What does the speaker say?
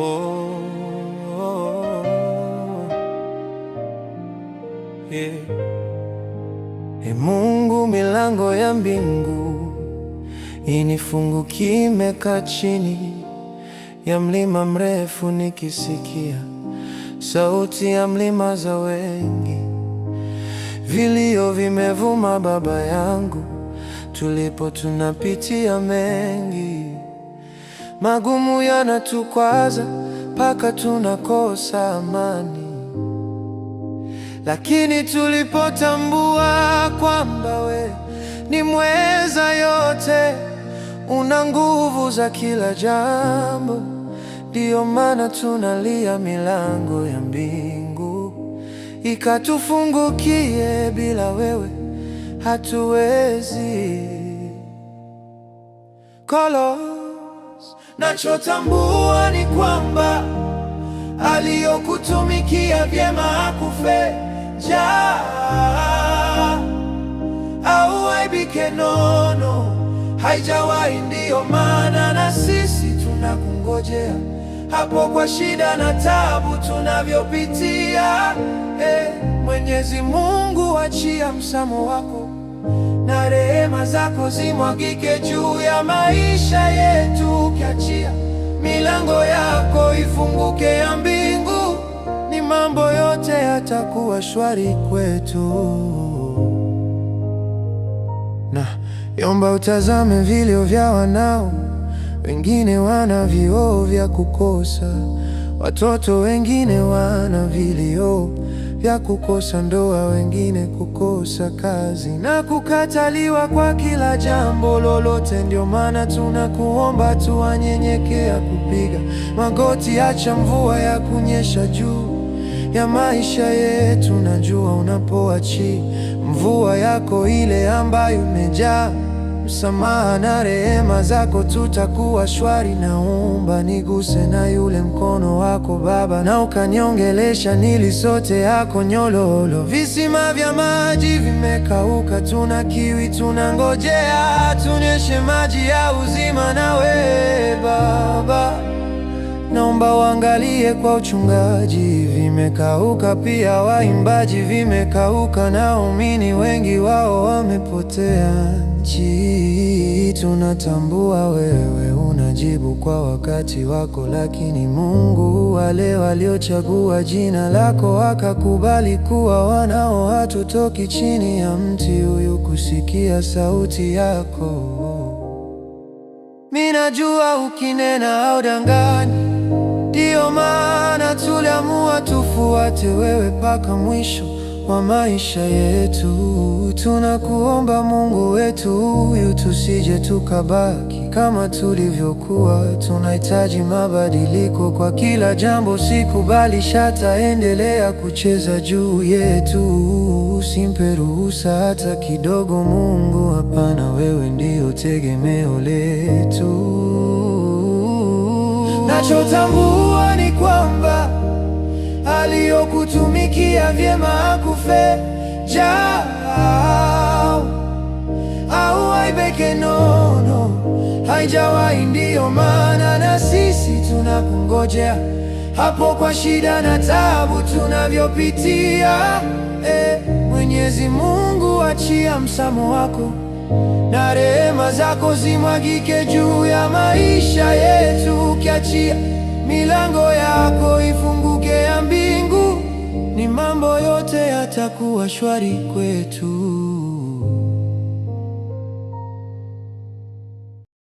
Oh, oh, oh. Yeah. E Mungu, milango ya mbingu inifungu Nimekaa chini ya mlima mrefu nikisikia sauti ya mlima za wengi, vilio vimevuma, Baba yangu, tulipo tunapitia mengi Magumu yanatukwaza mpaka tunakosa amani, lakini tulipotambua kwamba we ni mweza yote, una nguvu za kila jambo, ndiyo maana tunalia milango ya mbingu ikatufungukie. Bila wewe hatuwezi kolo nachotambua ni kwamba aliyokutumikia vyema akufe ja au aibike nono, haijawahi. Ndiyo maana na sisi tunakungojea hapo kwa shida na tabu tunavyopitia. Hey, eh, Mwenyezi Mungu, achia msamo wako Rehema zako zimwagike juu ya maisha yetu, ukiachia milango yako ifunguke ya mbingu, ni mambo yote yatakuwa shwari kwetu. Na yomba utazame vilio vya wanao, wengine wana vioo vya kukosa, watoto wengine wana vilio vya kukosa ndoa, wengine kukosa kazi na kukataliwa kwa kila jambo lolote. Ndio maana tunakuomba tuwanyenyekea, kupiga magoti, acha mvua ya kunyesha juu ya maisha yetu. Najua unapoachi mvua yako ile ambayo imejaa msamaha na rehema zako tutakuwa shwari. Naomba niguse na yule mkono wako Baba, na ukaniongelesha nili sote yako nyololo. Visima vya maji vimekauka, tuna kiwi tunangojea, tunyeshe maji ya uzima nawe Naomba uangalie kwa uchungaji, vimekauka pia waimbaji, vimekauka na waumini wengi wao wamepotea. Nchi tunatambua, wewe unajibu kwa wakati wako, lakini Mungu, wale waliochagua jina lako wakakubali kuwa wanao, hatutoki chini ya mti huyu kusikia sauti yako. Minajua ukinena au danganya maana tuliamua tufuate wewe mpaka mwisho wa maisha yetu. Tunakuomba Mungu wetu huyu, tusije tukabaki kama tulivyokuwa. Tunahitaji mabadiliko kwa kila jambo, sikubali shata endelea kucheza juu yetu. Usimpe ruhusa hata kidogo, Mungu. Hapana, wewe ndiyo tegemeo letu. Nachotambua kwamba aliyokutumikia vyema akufe jao au aibeke nono, haijawahi. Ndiyo maana na sisi tunakungojea hapo kwa shida na tabu tunavyopitia. E, Mwenyezi Mungu, achia msamo wako na rehema zako zimwagike juu ya maisha yetu, ukiachia milango yako ifunguke ya mbingu, ni mambo yote yatakuwa shwari kwetu.